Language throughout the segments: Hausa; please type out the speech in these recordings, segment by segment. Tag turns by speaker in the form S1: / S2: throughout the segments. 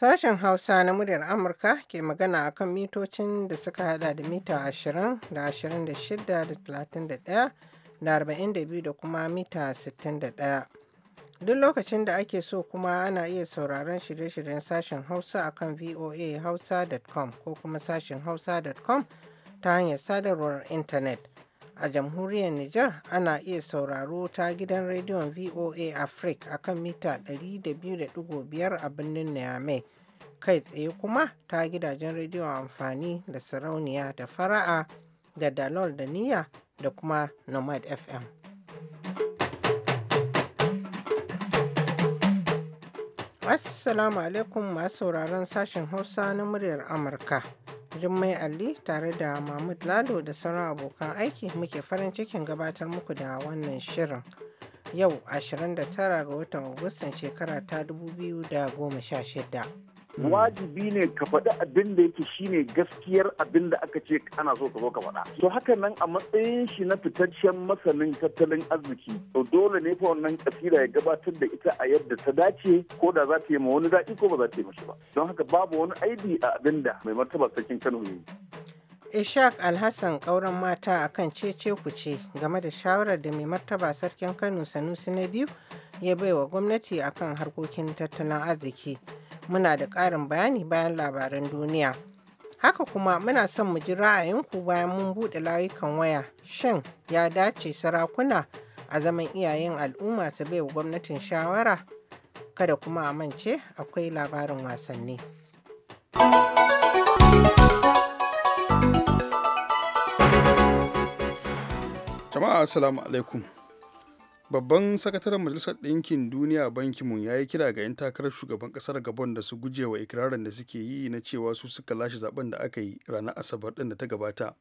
S1: Sashen Hausa na muryar Amurka ke magana a kan mitocin da suka hada da mita 20 da 26 da 31 da 42 da kuma mita 61. Duk lokacin da ake so kuma ana iya sauraron shirye-shiryen sashen Hausa a kan voahausa.com ko kuma sashen hausa.com ta hanyar sadarwar intanet. a jamhuriyar Nijar ana iya sauraro ta gidan rediyon VOA Africa a kan mita 200.5 a birnin Niamey. Kai tsaye kuma ta gidajen rediyon amfani da sarauniya da fara'a da dalol da Niya da kuma nomad FM. Assalamu alaikum masu sauraron sashen Hausa na muryar Amurka. Jummai Ali tare da Mahmud Lado da sauran abokan aiki muke farin cikin gabatar muku da wannan shirin. Yau 29 ga watan Agustan shekara ta 2016.
S2: Hmm. wajibi ne ka faɗi abin da yake shine gaskiyar abin da aka ce ana so ka zo ka faɗa to haka nan a matsayin
S1: shi na fitaccen
S2: masanin tattalin arziki to dole ne fa wannan kasida ya gabatar da ita a yadda ta dace ko da za ta yi ma wani daɗi ko ba za ta yi mashi ba don haka babu wani aibi a abin da mai martaba sarkin Kano ne.
S1: Ishaq Alhassan ƙauren mata a kan cece ce game da shawarar da mai martaba sarkin Kano Sanusi na biyu ya baiwa gwamnati akan harkokin tattalin arziki. muna da ƙarin bayani bayan labaran duniya. Haka kuma muna son mu ji ra'ayinku bayan mun buɗe layukan waya shin ya dace sarakuna a zaman iyayen al'umma su bai wa gwamnatin shawara? Kada kuma a mance akwai labarin wasanni. Jama'a
S3: Assalamu alaikum. babban sakataren majalisar ɗinkin duniya bankinmu ya yi kira ga 'yan takarar shugaban ƙasar gabon da su guje wa ikirarin da suke yi na cewa su suka lashe zaben da aka yi ranar asabar ɗin da ta gabata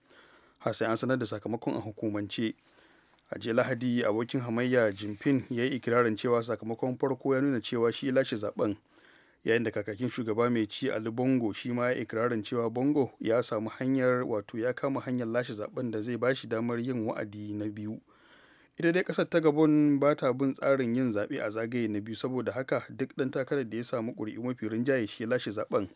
S3: har sai an sanar da sakamakon a hukumance a jiya lahadi abokin hamayya jimfin ya yi ikirarin cewa sakamakon farko ya nuna cewa shi lashe zaben yayin da kakakin shugaba mai ci ali bongo shi ma ya ikirarin cewa bongo ya samu hanyar wato ya kama hanyar lashe zaben da zai bashi damar yin wa'adi na biyu ita dai kasar ta gabon ba ta bin tsarin yin zaɓe a zagaye na biyu saboda haka duk ɗan takarar da ya samu ƙuri'u mafi rinjaye shi lashe zaɓen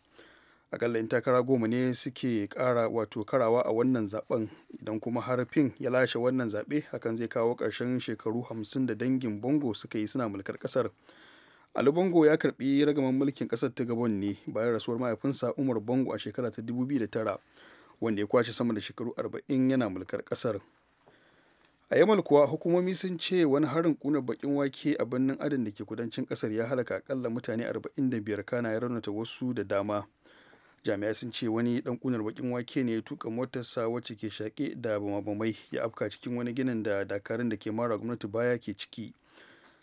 S3: akalla in takara goma ne suke kara wato karawa a wannan zaɓen idan kuma harfin ya lashe wannan zaɓe hakan zai kawo ƙarshen shekaru hamsin da dangin bongo suka yi suna mulkar ƙasar ali bongo ya karɓi ragaman mulkin ƙasar ta gabon ne bayan rasuwar mahaifinsa umar bongo a shekara ta 2009 wanda ya kwashe sama da shekaru arba'in yana mulkar ƙasar a yamal kuwa hukumomi sun ce wani harin kuna bakin wake a birnin adan da ke kudancin kasar ya halaka akalla mutane 45 kana ya raunata wasu da dama jami'ai sun ce wani dan kunar bakin wake ne ya tuka motarsa wacce ke shaƙe da bamabamai ya afka cikin wani ginin da dakarun da ke mara gwamnati baya ke ciki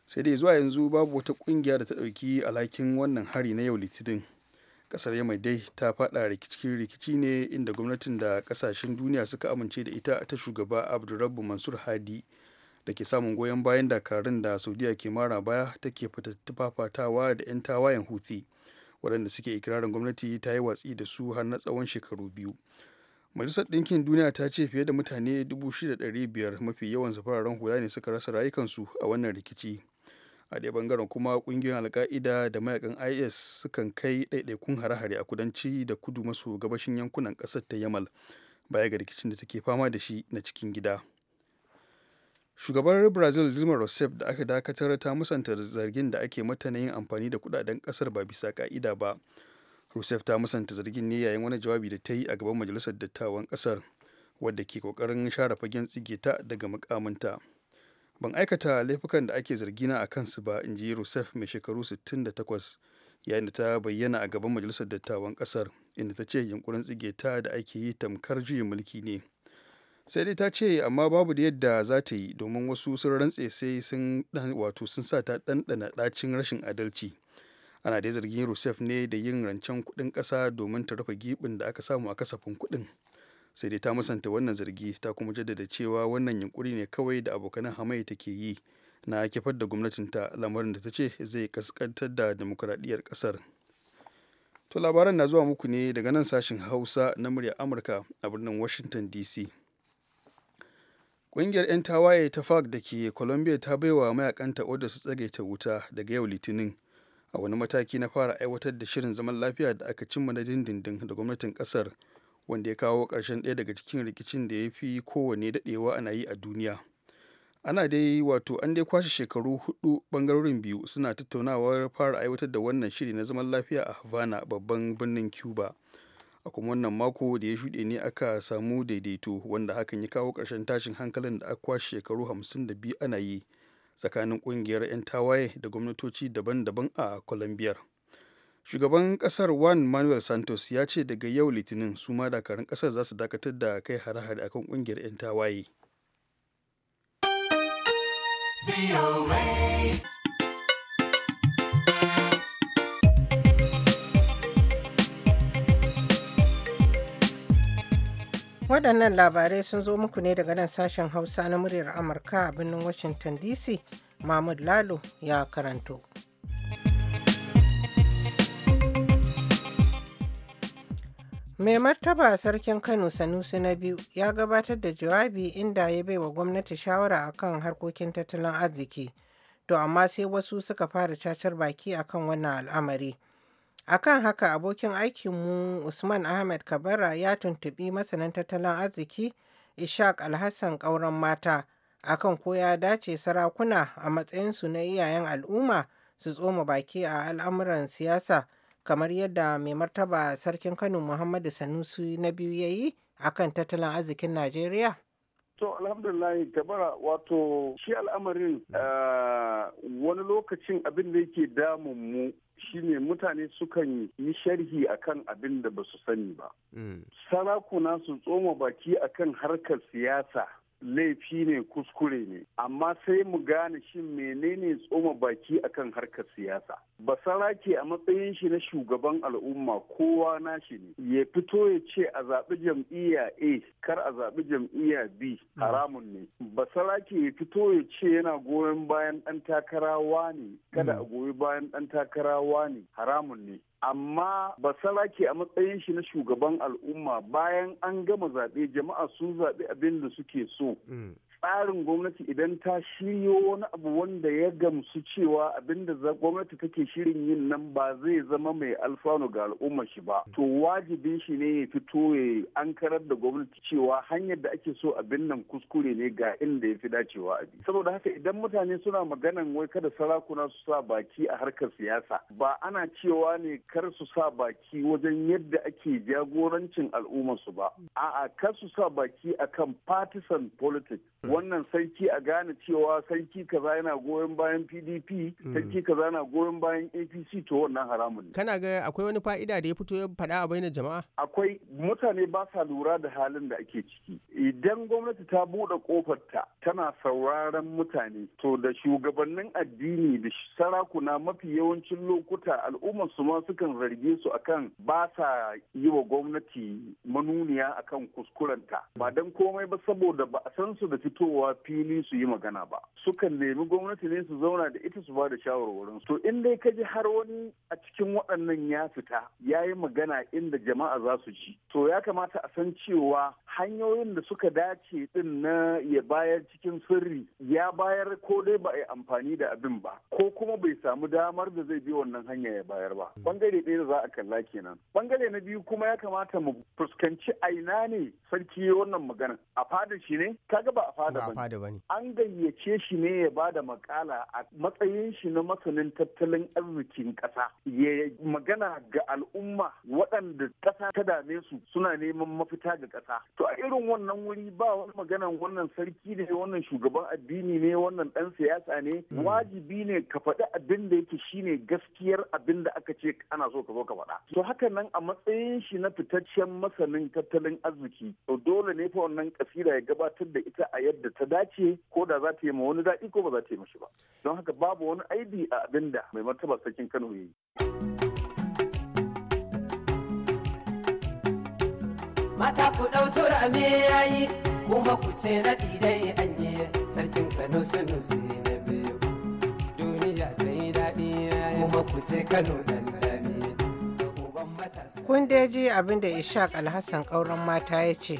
S3: sai dai zuwa yanzu babu wata kungiya da ta ɗauki alhakin wannan hari na yau litinin kasar yamai dai ta fada rikici ne inda gwamnatin da kasashen duniya suka amince da ita ta shugaba abdurrabu mansur hadi da ke samun goyon bayan dakarun da saudiya ke mara baya take fafatawa da 'yan tawayen huthi waɗanda suke ikirarin gwamnati ta yi watsi da su har na tsawon shekaru biyu majalisar ɗinkin duniya ta ce fiye da mutane 6,500 mafi yawan fararen hula ne suka rasa rayukansu a wannan rikici a daya bangaren kuma ƙungiyoyin alka'ida da mayakan is sukan kai ɗaiɗaikun hare-hare a kudanci da kudu maso gabashin yankunan ƙasar ta yamal baya ga rikicin da take fama da shi na cikin gida shugabar brazil dilma rousseff da aka dakatar ta musanta zargin da ake mata na yin amfani da kudaden kasar ba bisa ka'ida ba rousseff ta musanta zargin ne yayin wani jawabi da ta yi a gaban majalisar dattawan kasar wadda ke kokarin share fagen tsige ta daga mukaminta ban aikata laifukan da ake zargina a kansu ba in ji rusef mai shekaru 68 yayin da ta bayyana a gaban majalisar dattawan kasar inda ta ce yunkurin tsige ta da ake yi tamkar juyin mulki ne sai dai ta ce amma babu da yadda za ta yi domin wasu sun rantse sai sun wato sun sa ta ɗanɗana ɗacin rashin adalci ana dai zargin rusef ne da yin rancen kuɗin ƙasa domin ta rufe gibin da aka samu a kasafin kuɗin sai dai ta musanta wannan zargi ta kuma jaddada cewa wannan yunkuri ne kawai da abokanan hamayya take yi na kifar da gwamnatinta lamarin da ta ce zai kaskantar da demokuraɗiyyar ƙasar to labaran na zuwa muku ne daga nan sashen hausa na muryar amurka a birnin washington dc ƙungiyar 'yan tawaye ta fak da ke colombia ta baiwa mayakanta wadda su tsage ta wuta daga yau litinin a wani mataki na fara aiwatar da shirin zaman lafiya da aka cimma na dindindin da gwamnatin ƙasar wanda ya kawo ƙarshen ɗaya daga cikin rikicin da ya fi kowane daɗewa ana yi a duniya ana dai wato an dai kwashe shekaru hudu bangarorin biyu suna tattaunawar fara aiwatar da wannan shiri na zaman lafiya a havana babban birnin cuba a kuma wannan mako da ya shuɗe ne aka samu daidaito wanda hakan ya kawo ƙarshen tashin hankalin da aka kwashe shekaru hamsin da biyu ana yi tsakanin ƙungiyar 'yan tawaye da gwamnatoci daban-daban a colombia shugaban kasar juan manuel santos ya ce daga yau litinin su ma dakarun kasar za su dakatar da kai hare-hare akan kungiyar 'yan tawaye
S1: waɗannan labarai sun zo muku ne daga nan sashen hausa na muryar amurka a birnin washington dc mahmud lalo ya karanto Mai martaba sarkin Kano Sanusi na biyu ya gabatar da jawabi inda ya bai wa gwamnati shawara akan harkokin tattalin arziki. To amma sai wasu suka fara cacar baki akan wannan al'amari. Akan haka abokin aikinmu Usman Ahmed Kabara ya tuntubi masanin tattalin arziki Ishaq Alhassan ƙauren mata akan ko ya dace sarakuna a matsayinsu na iyayen al'umma su tsoma baki a al'amuran siyasa kamar yadda mai martaba sarkin Kano Muhammadu Sanusi na biyu ya yi akan tattalin arzikin Najeriya?
S2: To alhamdulillah dabara wato shi al'amarin mm. ah, wani lokacin abin da yake damun mu shine mutane sukan yi sharhi akan abin da ba su sani ba. Mm. Sarakuna su tsoma baki akan harkar siyasa. laifi ne kuskure ne amma sai mu gane shin menene tsoma baki akan harkar siyasa basarake a matsayin shi na shugaban al'umma kowa na shi ne ya fito ya ce a zaɓi jam'iyya a kar a zaɓi jam'iyya b haramun ne basarake ya fito ya ce yana goyon bayan ɗan takarawa ne kada a mm. goyi bayan ɗan takarawa ne haramun ne amma ba sarake a matsayin shi na shugaban al'umma bayan an gama zaɓe jama'a sun zaɓi abin da suke so mm. tsarin gwamnati idan ta shiryo wani abu wanda ya gamsu cewa abinda gwamnati take shirin yin nan ba zai zama mai alfanu ga al'ummar shi ba to wajibin shi ne ya fito ya ankarar da gwamnati cewa hanyar da ake so abin nan kuskure ne ga inda ya fi dacewa a saboda haka idan mutane suna maganan wai kada sarakuna su sa baki a harkar siyasa ba ana cewa ne kar su sa baki wajen yadda ake jagorancin al'ummar su ba a'a kar su sa baki akan partisan politics wannan sarki a gane cewa sarki kaza yana goyon bayan pdp mm. sarki kaza yana goyon bayan apc to wannan haramun
S1: ne kana ga akwai wani fa'ida da ya fito ya faɗa a bainar jama'a akwai mutane
S2: ba sa lura da halin da ake ciki idan gwamnati ta buɗe kofar tana sauraron mutane to da shugabannin addini da sarakuna mafi yawancin lokuta al'umma su ma sukan zarge su akan ba sa yi wa gwamnati manuniya akan kuskurenta ba dan komai ba saboda ba a san su da fito fitowa fili su yi magana ba sukan nemi gwamnati ne su zauna da ita su ba da shawarwarin to in dai ka ji har wani a cikin waɗannan ya fita ya yi magana inda jama'a za su ji to ya kamata a san cewa hanyoyin da suka dace din na ya bayar cikin sirri ya bayar ko dai ba a yi amfani da abin ba ko kuma bai samu damar da zai bi wannan hanya ya bayar ba bangare ɗaya da za a kalla kenan bangare na biyu kuma ya kamata mu fuskanci aina ne sarki wannan magana a fadar shi ne kaga ba a fada an gayyace shi ne ya ba da makala a matsayin shi na masanin tattalin arzikin ƙasa ya magana ga al'umma waɗanda ƙasa ta dame su suna neman mafita ga ƙasa to a irin wannan wuri ba wani maganan wannan sarki ne wannan shugaban addini ne wannan ɗan siyasa ne hmm. wajibi ne ka faɗi abin da yake shine gaskiyar abin da aka ce ana so ka zo ka faɗa to haka nan a matsayin shi na fitaccen masanin tattalin arziki to dole ne fa wannan kasira ya gabatar da ita a yadda yadda ta dace ko da za ta yi ma wani daɗi ko ba za ta yi mashi ba don haka babu wani aibi a abin da mai martaba sarkin kano ya yi.
S4: mata ku ɗau ya yi kuma ku ce na ɗidai dai anye sarkin
S1: kano sunusi na biyu duniya ta yi daɗi kuma ku ce kano nan kun dai ji abin da ishaq alhassan ƙauren mata ya ce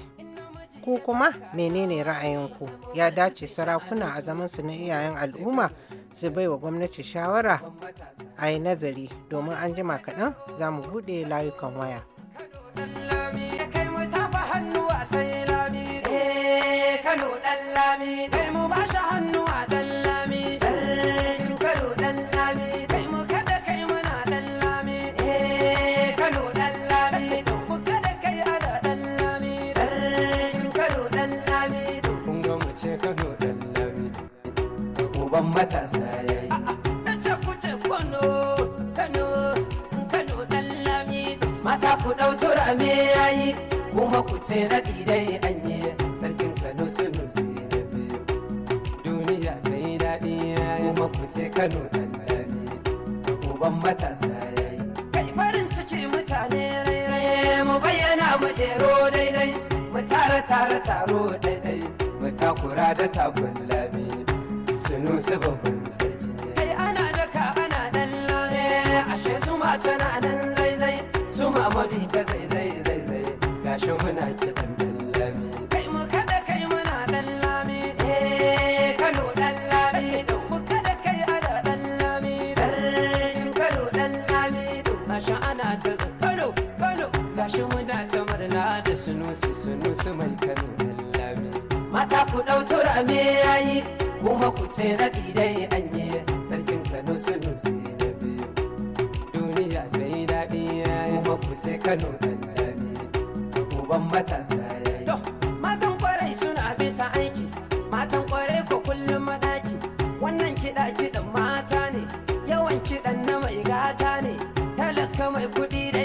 S1: Ko kuma menene ra'ayinku? Ya dace sarakuna a zamansu na iyayen al'umma su baiwa gwamnati shawara a yi nazari domin an jima kaɗan za mu buɗe layukan waya.
S4: Eh, Kano ɗan lami, kai mu ba hannu a ɗan babban matasa ya yi. Na ce ce Kano, Kano, Kano ɗan lami. Mata ku ɗau turame ya yi, kuma ku ce na ɗidai an yi sarkin Kano sunu sai na biyu. Duniya ta yi daɗi ya yi, kuma ku ce Kano ɗan lami. Uban matasa ya yi. Kai farin ciki mutane rairaye eh, mu bayyana mu jero daidai. Mu tara tara taro daidai, mu takura da tagulla. sunu su babban sarki kai ana daka ana dan lame ashe su ma tana nan zaizai su ma mabi ta zaizai zaizai gashi muna kiɗan dan lame kai mu kada kai muna dan lame eh kano dan lame mu kada kai ana dan lame sarkin kano dan lame gashi ana ta kano kano gashi muna ta murna da sunusi sunusi mai kano dan lame mata ku ɗau turame yayi kuma ku ce na raɗi yi anyi sarkin kano sunu sai na biyu duniya ta yi daɗi kuma ku ce kano dan dami uban matasa ya yi mazan kwarai suna bisa aiki matan kwarai ko kullum madaki wannan kiɗa kiɗan mata ne yawan kiɗan na mai gata ne talaka mai kuɗi da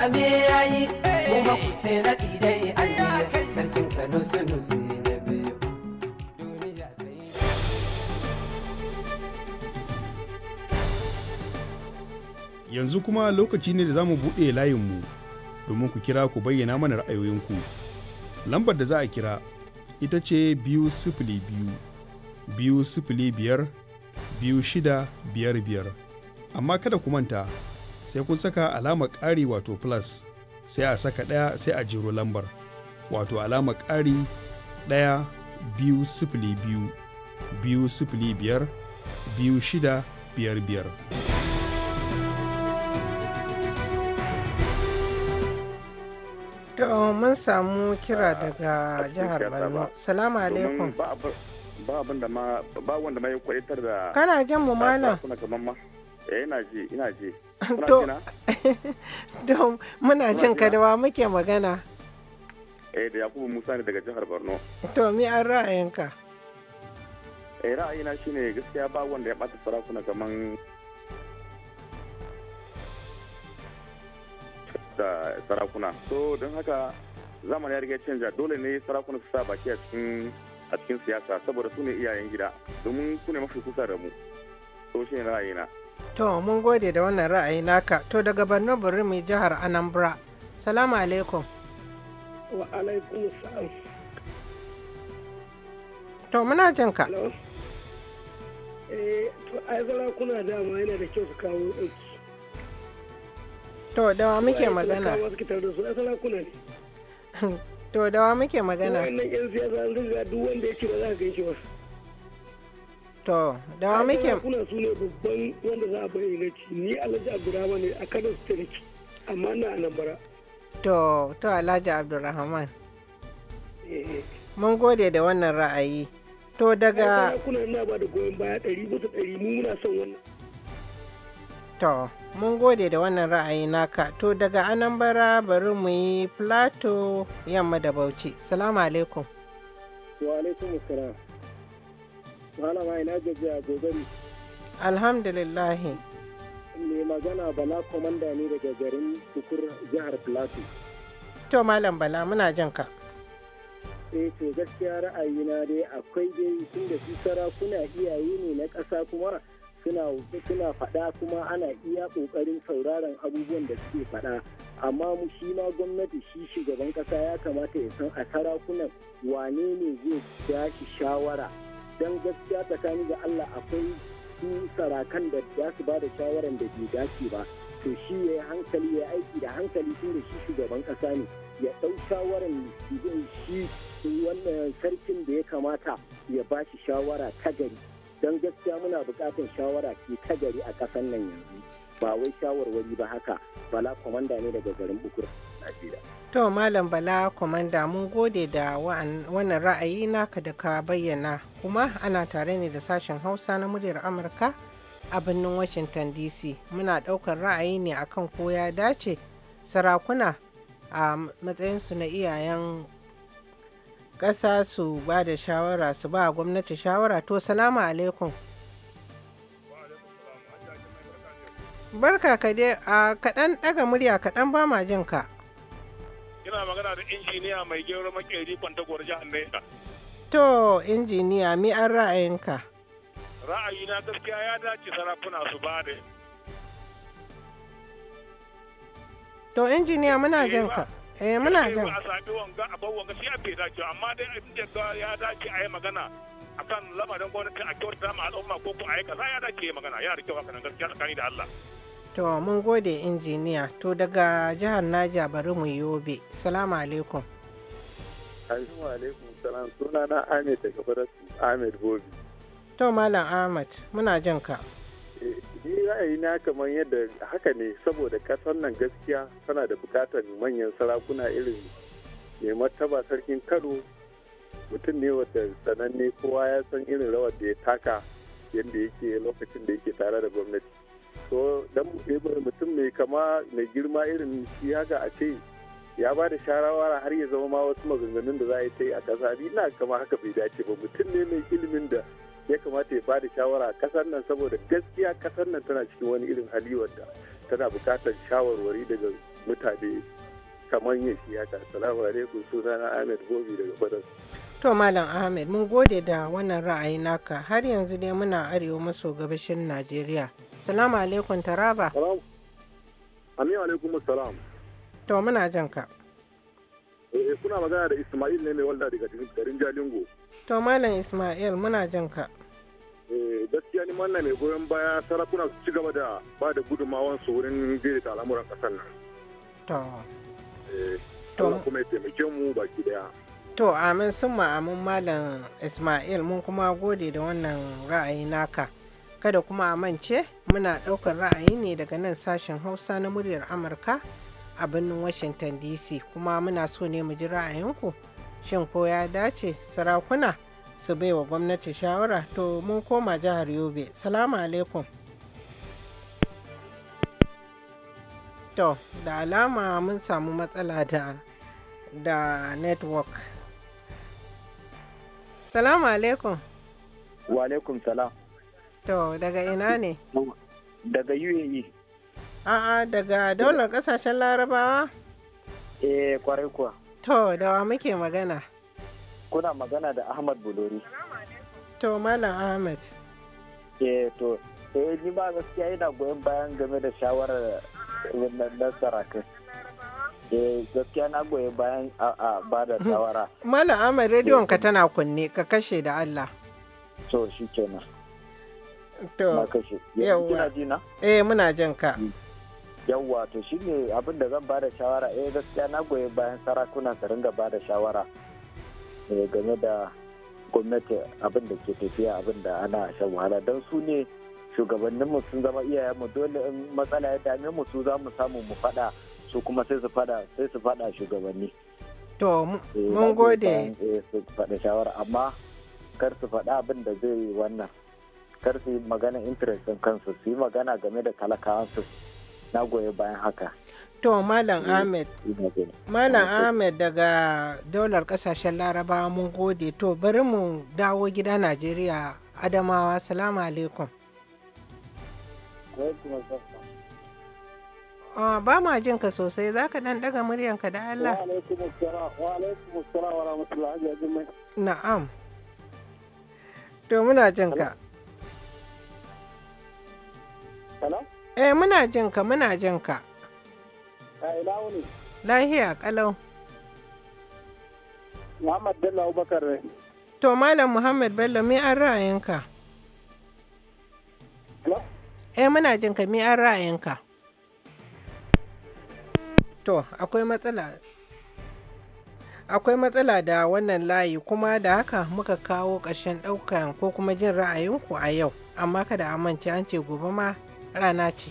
S4: zabe yayi eh. kuma ku ce na dai Allah kai sarkin Kano sunu na biyu
S3: Yanzu kuma lokaci ne da za mu buɗe layinmu domin ku kira ku bayyana mana ra'ayoyinku. Lambar da za a kira ita ce biyu sifili biyu, biyu sifili biyar, biyu shida biyar biyar. Amma kada ku manta sai kun saka alamar ƙari wato plus sai a saka ɗaya sai a jiro lambar wato alamar ƙari ɗaya biyu sifili biyu biyu sifili biyar biyu shida biyar biyar.
S1: To mun samu kira daga jihar Borno. Salamu alaikum.
S2: Ba abin da ma ba wanda ma ya kwaitar da Kana jin mu malam? Eh, ina ji ina ji
S1: to muna jin ka da muke magana
S2: eh da yakubu musa ne daga jihar borno
S1: to mi an ra'ayinka
S2: eh ra'ayina shine gaskiya ba wanda ya bata sarakuna kaman da sarakuna so don haka zamani ya riga canja dole ne sarakuna su sa baki a cikin a cikin siyasa saboda su ne iyayen gida domin su ne mafi kusa da
S1: mu
S5: so shine ra'ayina
S1: To mun gode da wannan ra'ayi naka to daga Borno Burimi jihar Anambra. Salamu alaikum.
S5: Wa alaikum salam.
S1: To muna jin ka.
S5: Eh, to kuna dama yana da kyau su kawo
S1: To dawa muke magana. To dawa muke magana.
S5: duk wanda ya ba za ka
S1: To, da
S5: muke. Kuna su ne babban
S1: To, to Alhaji Abdurrahman. Eh. Mun gode da wannan ra'ayi. To daga.
S5: Kuna na ba da
S1: To, mun gode da wannan ra'ayi naka. To daga Anambra bari mu yi Plato yamma da Bauchi. Salamu alaikum. Malama ina Alhamdulillahi.
S5: Me magana Bala Komanda ne daga garin Tukur jihar Plateau.
S1: To Malam Bala muna jin ka.
S5: Eh to gaskiya ra'ayina dai akwai dai tun da su sarakuna iyaye ne na ƙasa kuma suna suna faɗa kuma ana iya ƙoƙarin sauraron abubuwan da suke faɗa amma mu shi ma gwamnati shi shugaban ƙasa ya kamata ya san a sarakunan wane ne zai ba shawara don gaskiya tsakani da Allah akwai su sarakan da za su ba da shawaran da bai dace ba to shi ya yi hankali ya aiki da hankali tun da shi shugaban kasa ne ya ɗau shawaran shi wannan sarkin da ya kamata ya ba shi shawara ta gari don gaskiya muna buƙatar shawara ke ta gari a ƙasan nan yanzu. ba wai shawarwari ba haka bala kwamanda ne daga garin bukur
S1: to malam bala kwamanda mun gode da wannan ra'ayi naka da ka bayyana kuma ana tare ne da sashen hausa na muryar amurka a birnin washington dc muna ɗaukar ra'ayi ne akan ko ya dace sarakuna a matsayinsu na iyayen ƙasa su ba da shawara su ba gwamnati shawara to salamu alaikum Barka ka dai a kaɗan ɗaga murya kaɗan ba ma jin ka.
S2: Ina magana da injiniya mai gero makeri gwar jihar Neja.
S1: To injiniya mi an ra'ayinka?
S2: Ra'ayina gaskiya ya dace sarakuna su ba da.
S1: To injiniya muna eh, jin ka. Eh muna jin. Ba a sami wanga a bawa ga shi
S2: a bai dace amma dai abin ya dace a yi magana akan lamarin gwamnati a kyauta ma al'umma ko ku aika za ya dace magana ya da kyau haka gaskiya tsakani da Allah
S1: to mun gode injiniya to daga jihar Naja bari mu yobe salamu alaikum
S2: Assalamu alaikum salam suna na Ahmed daga Barasu Ahmed Bobi
S1: to malam Ahmed muna jin ka
S2: eh, ni na kamar yadda haka ne saboda kasar nan gaskiya tana da bukatar manyan sarakuna irin ne martaba sarkin Kano mutum ne wata sananne kowa ya san irin rawar da ya taka yadda yake lokacin da yake tare da gwamnati so dan mutum mai kama mai girma irin shi haka a ce ya ba da sharawara har ya zama ma wasu maganganun da za a yi ta yi a kasa ni na kama haka bai dace ba mutum ne mai ilimin da ya kamata ya ba da shawara a kasar nan saboda gaskiya kasar nan tana cikin wani irin hali wanda tana buƙatar shawarwari daga mutane kamar yin siyasa salamu alaikum sunana ahmed gobi daga kwatas
S1: to malam ahmed mun gode da wannan ra'ayi naka har yanzu dai muna arewa maso gabashin najeriya salamu alaikum taraba Salamu alaikum salam to muna jan ka
S2: eh kuna magana da ismail ne mai walda daga garin jalingo
S1: to malam ismail muna jan ka
S2: eh, gaskiya ni manna mai goyon baya sarakuna su ci gaba da ba da su wurin daidaita al'amuran ƙasar nan. Eh, kuma taimake mu baki
S1: to amin sun ma'amin malam ismail mun kuma gode da wannan ra'ayi naka kada kuma a mance muna ɗaukar ra'ayi ne daga nan sashen hausa na muryar amurka a birnin washington dc kuma muna so ne mu ji ra'ayinku shin ko ya dace sarakuna su baiwa gwamnati shawara to mun koma jihar yobe salamu alaikum to da alama mun samu matsala da da network salamu alaikum
S5: wa alaikum salam
S1: to daga ina ne
S5: daga uae
S1: a'a daga daular kasashen larabawa
S5: eh kwarai kuwa
S1: to da wa muke magana
S5: kuna magana da ahmad bulori
S1: to malam ahmad
S5: eh to eh ni ba gaskiya ina goyon bayan game da shawarar wannan dan eh, gaskiya na goyi bayan a ba da hmm. shawara
S1: mala amma rediyon ka tana kunne ka kashe da allah to shi kenan to yawwa eh muna jin ka hmm.
S5: yawwa to shi ne abin da zan ba da shawara eh gaskiya na goyi bayan sarakuna su ringa ba da shawara eh, game da gwamnati abin da ke tafiya abin da ana shan wahala don su ne shugabanninmu sun zama iyayenmu dole in matsala ya dame mu su za mu samu mu fada su kuma sai su fada sai su fada shugabanni.
S1: To eh, mun gode.
S5: Eh, su fada shawara amma kar su fada abin da zai yi wannan. Kar su yi magana interest din kansu su yi magana game da su na goye bayan haka.
S1: To Malam eh, Ahmed.
S5: Malam Ahmed
S1: daga daular kasashen Larabawa mun gode. To bari mu dawo gida Najeriya Adamawa. Salamu alaikum. Ah, ba ma jin ka sosai za ka dan daga muryanka da Allah. Na'am. To muna jin ka. Eh muna jin ka muna jin ka. Lahiya kalau.
S5: Muhammad Bello Abubakar.
S1: To Malam Muhammad Bello me an ra'ayinka? Eh muna jin ka an ra'ayinka. To akwai matsala akwai matsala da wannan layi kuma da haka muka kawo ƙarshen ɗaukan ko kuma jin ra'ayinku a yau amma kada a mance an ce gobe ma rana ce.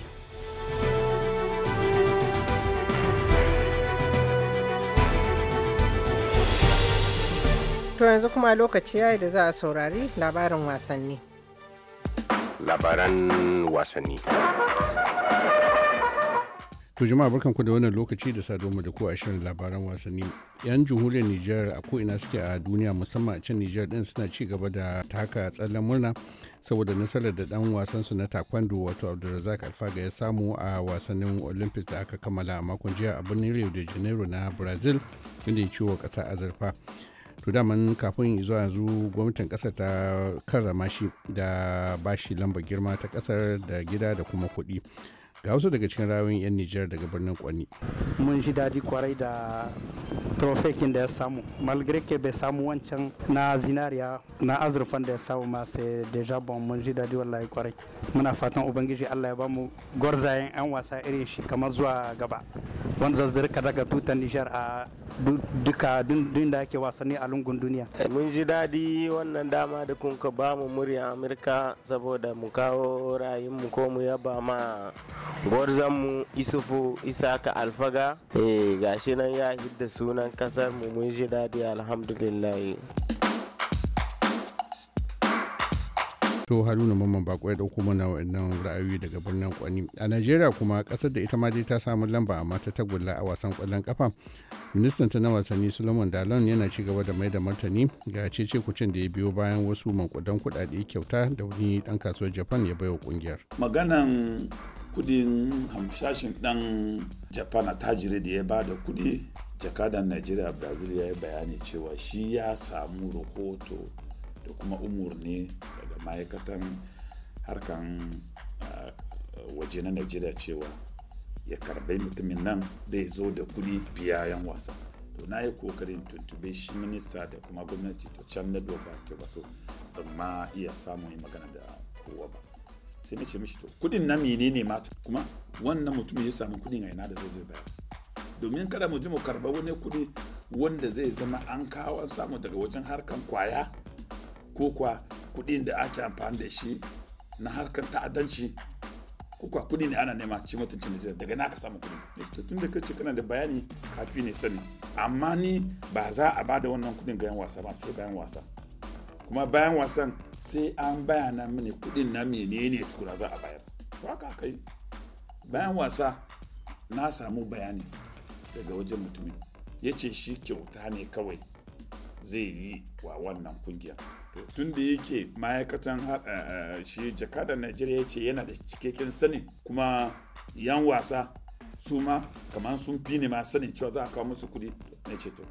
S1: To yanzu kuma lokaci yayi da za a saurari labarin wasanni.
S6: labaran wasanni To jama'a barkanku da wannan lokaci da saduwa da ku a shirin labaran wasanni. 'Yan jamhuriyar Nijar a ko ina suke a duniya musamman a can Nijar din suna ci gaba da taka tsallen murna saboda nasarar da dan wasansu na taekwondo wato Abdulrazak Alfaga ya samu a wasannin Olympics da aka kammala a makon jiya a birnin Rio de Janeiro na Brazil inda ya ciwo kasa azurfa. to daman kafin zuwa yanzu gwamnatin kasar ta karrama shi da bashi lambar girma ta kasar da gida da kuma kuɗi ga wasu daga cikin rayuwar 'yan nijar daga birnin kwani
S3: mun ji daɗi kwarai da trofekin da ya samu malgrake bai samu wancan na zinariya na azurfan da ya samu ma deja bon mun ji daɗi wallahi kwarai muna fatan ubangiji allah ya ba mu gwarzayen 'yan wasa irin shi kamar zuwa gaba wanda ka daga tutan nijar a duka duk da ake wasanni a lungun
S5: duniya mun ji daɗi wannan dama da kun ka ba mu murya amurka saboda mu kawo rayuwar mu ko mu yaba ma gwarzonmu isufu isaka alfaga eh gashi nan ya hidda sunan kasar mu mun shi daɗi alhamdulillah
S6: to haruna mamman bako ya dauko mana wannan ra'ayoyi daga birnin kwani a najeriya kuma kasar da ita ma dai ta samu lamba amma ta tagulla a wasan kwallon kafa ministan ta na wasanni solomon dalon yana ci gaba da mai da martani ga cece kucin da ya biyo bayan wasu mankudan kudade kyauta da wani dan kasuwar japan ya baiwa kungiyar
S7: maganan kudin hamsashin dan japan tajiri da ya ba da kudi jakadan nigeria brazil ya yi bayani cewa shi ya samu rahoto da kuma umurni daga ma'aikatan harkan eh, waje na nigeria cewa ya karbe mutumin nan zai zo da kudi yan wasa to na yi kokarin tuntube shi minista da kuma gwamnati ta can na doka ke ba so iya samun magana da kowa ba sai na ce mishi to kudin na menene mata kuma wannan mutumin ya samu kudin a ina da zai zo bayar domin kada mu ji mu karba wani kudi wanda zai zama an kawo an samu daga wajen harkan kwaya ko kwa kudin da ake amfani da shi na harkan ta'addanci ko kwa kudi ne ana nema ci mutuncin Najeriya daga na ka samu kudi to tun da kace kana da bayani kafi ne sani amma ni ba za a bada wannan kudin ga yan wasa ba sai bayan wasa kuma bayan wasan sai an bayana mini kudin na menene tukuna za a bayar haka kai bayan wasa na samu bayani daga wajen mutumin ya ce shi kyauta ne kawai zai yi wa wannan kungiyar to tun da yake ma'aikatan eh, eh, shi jakadar najeriya ya ce yana da cikakken sani kuma yan wasa su ma kamar sun fi ne ma sanin cewa za a kawo musu kuɗi na ce to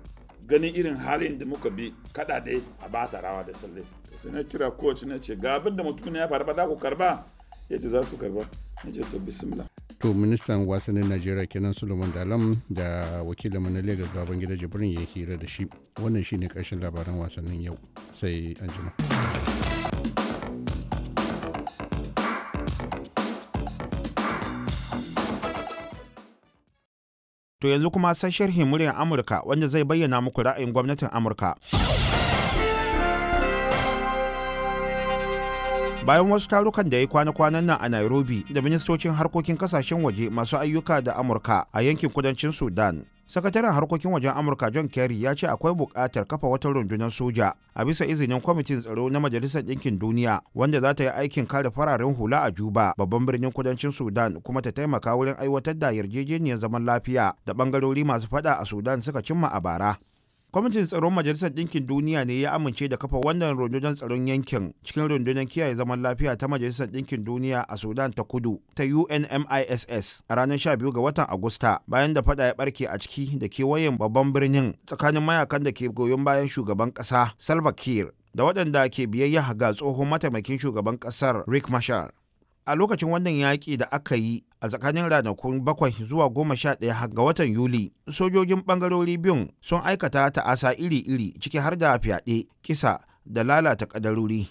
S7: ganin irin halin da muka bi kada dai a ba ta rawa da sallai sai na kira coach na ce ga abin da mutumin ya faru ba za ku karba ya ce za su karba na ce to bismillah
S6: to ministan wasannin najeriya kenan suleiman dalam da wakilin mu na lagos babangida jibrin ya hira da shi wannan shine karshen labaran wasannin yau sai an jima
S8: To yanzu kuma sai sharhin muryar Amurka wanda zai bayyana muku ra'ayin gwamnatin Amurka. bayan wasu tarukan da ya kwana-kwanan nan a nairobi da ministocin harkokin kasashen waje masu ayyuka da amurka a yankin kudancin sudan sakataren harkokin wajen amurka john kerry ya ce akwai buƙatar kafa wata rundunar soja a bisa izinin kwamitin tsaro na majalisar ɗinkin duniya wanda za ta yi aikin kare fararen hula a juba babban birnin kudancin sudan kuma ta taimaka wurin aiwatar da yarjejeniyar zaman lafiya da ɓangarori masu faɗa a sudan suka cimma a bara kwamitin tsaron majalisar ɗinkin duniya ne ya amince da kafa wannan rundunar tsaron yankin cikin rundunar kiyaye zaman lafiya ta majalisar ɗinkin duniya a sudan ta kudu ta unmiss a ranar 12 ga watan agusta bayan da fada ya barke a ciki da kewayen babban birnin tsakanin mayakan da ke goyon bayan shugaban ƙasa salva kiir da waɗanda ke biyayya ga tsohon mataimakin shugaban ƙasar rick marshall a lokacin wannan yaƙi da aka yi a tsakanin ranakun bakwai zuwa goma sha ɗaya ga watan yuli sojojin ɓangarori biyun sun aikata ta'asa iri-iri ciki har da fyaɗe kisa da lalata ƙadarori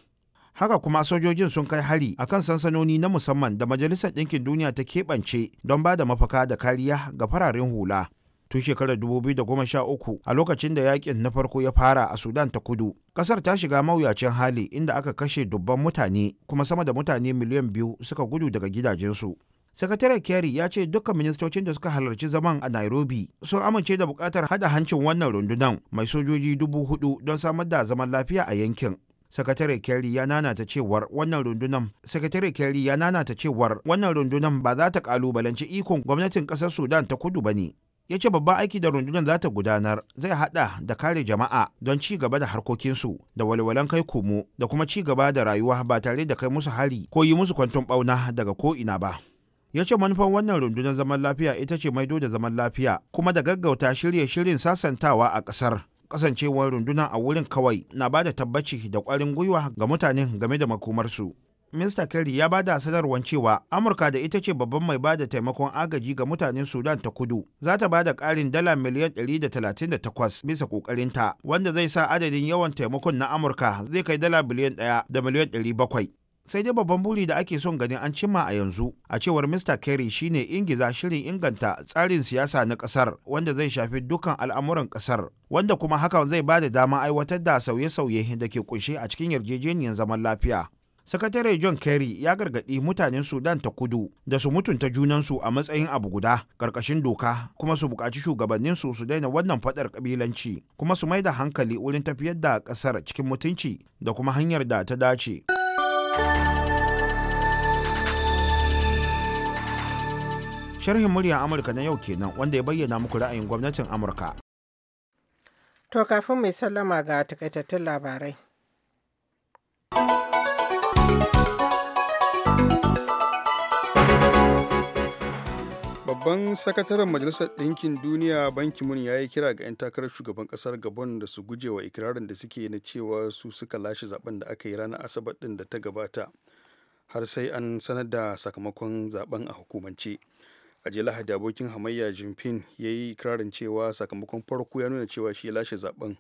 S8: haka kuma sojojin sun kai hari a kan sansanoni na musamman da majalisar ɗinkin duniya ta keɓance don ba da mafaka da kariya ga fararen hula tun shekarar 2013 a lokacin da yakin na farko ya fara a sudan ta kudu kasar ta shiga mawuyacin hali inda aka kashe dubban mutane kuma sama da mutane miliyan biyu suka gudu daga gidajensu sakataren kerry ya ce dukkan ministocin da suka halarci zaman a nairobi sun amince da bukatar hada hancin wannan rundunan mai sojoji dubu hudu don samar da zaman lafiya a yankin sakatare kerry ya nanata cewar wannan rundunan sakatare kerry ya ta cewar wannan rundunan ba za ta kalubalanci ikon gwamnatin kasar sudan ta kudu ba ne ya ce babban aiki da rundunar za ta gudanar zai hada da kare jama'a don ci gaba da harkokinsu da walwalan kai komo da kuma ci gaba da rayuwa ba tare da kai musu hari ko yi musu kwantun bauna daga ko ina ba ya ce manufan wannan rundunar zaman lafiya ita ce maido da zaman lafiya kuma da gaggauta shirye shirin sasantawa a ƙasar kasancewar runduna a wurin kawai na ba da tabbaci da kwarin gwiwa ga mutanen game da makomarsu Mista Kerry ya bada sanarwar cewa Amurka da ita ce babban mai ba da taimakon agaji ga mutanen Sudan ta kudu za ta da ƙarin dala miliyan 138 bisa ƙoƙarinta wanda zai sa adadin yawan taimakon na Amurka zai kai dala biliyan 1 da miliyan 700. sai dai babban buri da ake son ganin an cimma a yanzu a cewar mr kerry shine ingiza shirin inganta tsarin siyasa na ƙasar wanda zai shafi dukkan al'amuran ƙasar wanda kuma hakan zai ba da dama aiwatar da sauye-sauye da ke kunshe a cikin yarjejeniyar zaman lafiya sakatare john kerry ya gargaɗi mutanen sudan ta kudu da su mutunta junansu a matsayin abu guda karkashin doka kuma su bukaci shugabannin su su daina wannan fadar kabilanci kuma su mai da hankali wurin tafiyar da ƙasar cikin mutunci da kuma hanyar da ta dace sharhin muryar amurka na yau kenan wanda ya bayyana muku ra'ayin gwamnatin amurka
S1: to kafin mai sallama ga takaitattun labarai
S3: babban sakataren majalisar ɗinkin duniya banki mun ya yi kira ga 'yan takarar shugaban ƙasar gabon da su guje wa ikirarin da suke na cewa su suka lashe zaben da aka yi ranar asabar ɗin da ta gabata har sai an sanar da sakamakon zaben a hukumance a jiya lahadi abokin hamayya jinping ya yi ikirarin cewa sakamakon farko ya nuna cewa shi ya lashe zaben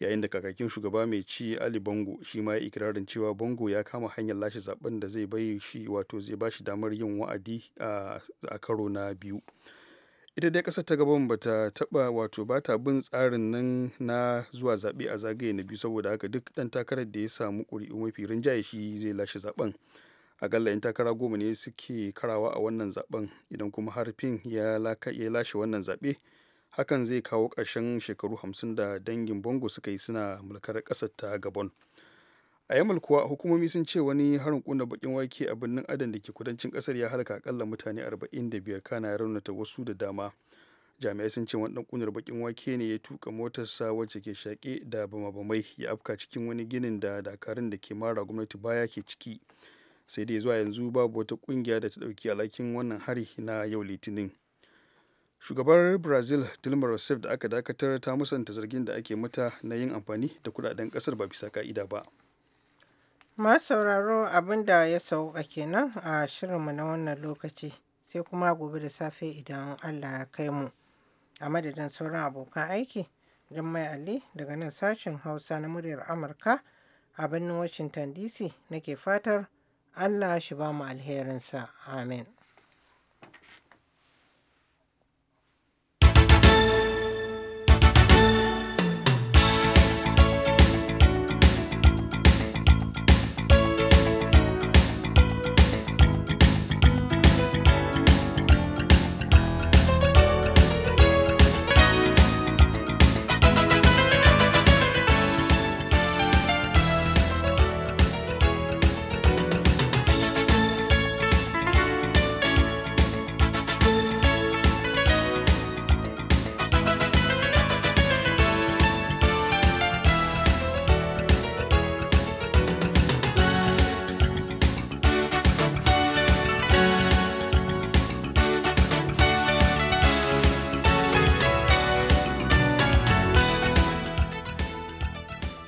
S3: yayin da kakakin shugaba mai ci ali bongo shi ma ya ikirarin cewa bongo ya kama hanyar lashe zaben da zai bai shi wato zai ba shi damar yin wa'adi a karo na biyu ita dai kasar ta gaban ta taba wato ba ta bin tsarin nan na zuwa zaɓe a zagaye na biyu saboda haka duk ɗan takarar da ya samu ƙuri'u mafi rinjaye shi zai lashe zaben akalla yan takara goma ne suke karawa a wannan zaben idan kuma harfin ya lashe wannan zaɓe hakan zai kawo ƙarshen shekaru 50 da dangin bongo suka yi suna mulkar ƙasar ta gabon a yamal kuwa hukumomi sun ce wani harin kuna bakin wake a birnin adan da ke kudancin kasar ya halaka akalla mutane 45 kana raunata wasu da dama jami'ai sun ce wani dan kunar bakin wake ne ya tuka motarsa wacce ke shake da bama-bamai ya afka cikin wani ginin da dakarun da ke mara gwamnati baya ke ciki sai dai zuwa yanzu babu wata kungiya da ta ɗauki alhakin wannan hari na yau litinin shugabar brazil dilma rousseff da aka dakatar ta musanta zargin da ake mata na yin amfani da kudaden kasar ba bisa ka'ida ba
S1: ma sauraro abin da ya sauka kenan a shirinmu na wannan lokaci sai kuma gobe da safe idan allah ya kai mu a madadin sauran abokan aiki mai ali daga nan sashen hausa na muryar amurka a birnin washington dc nake fatar allah shi ba mu alherinsa amin.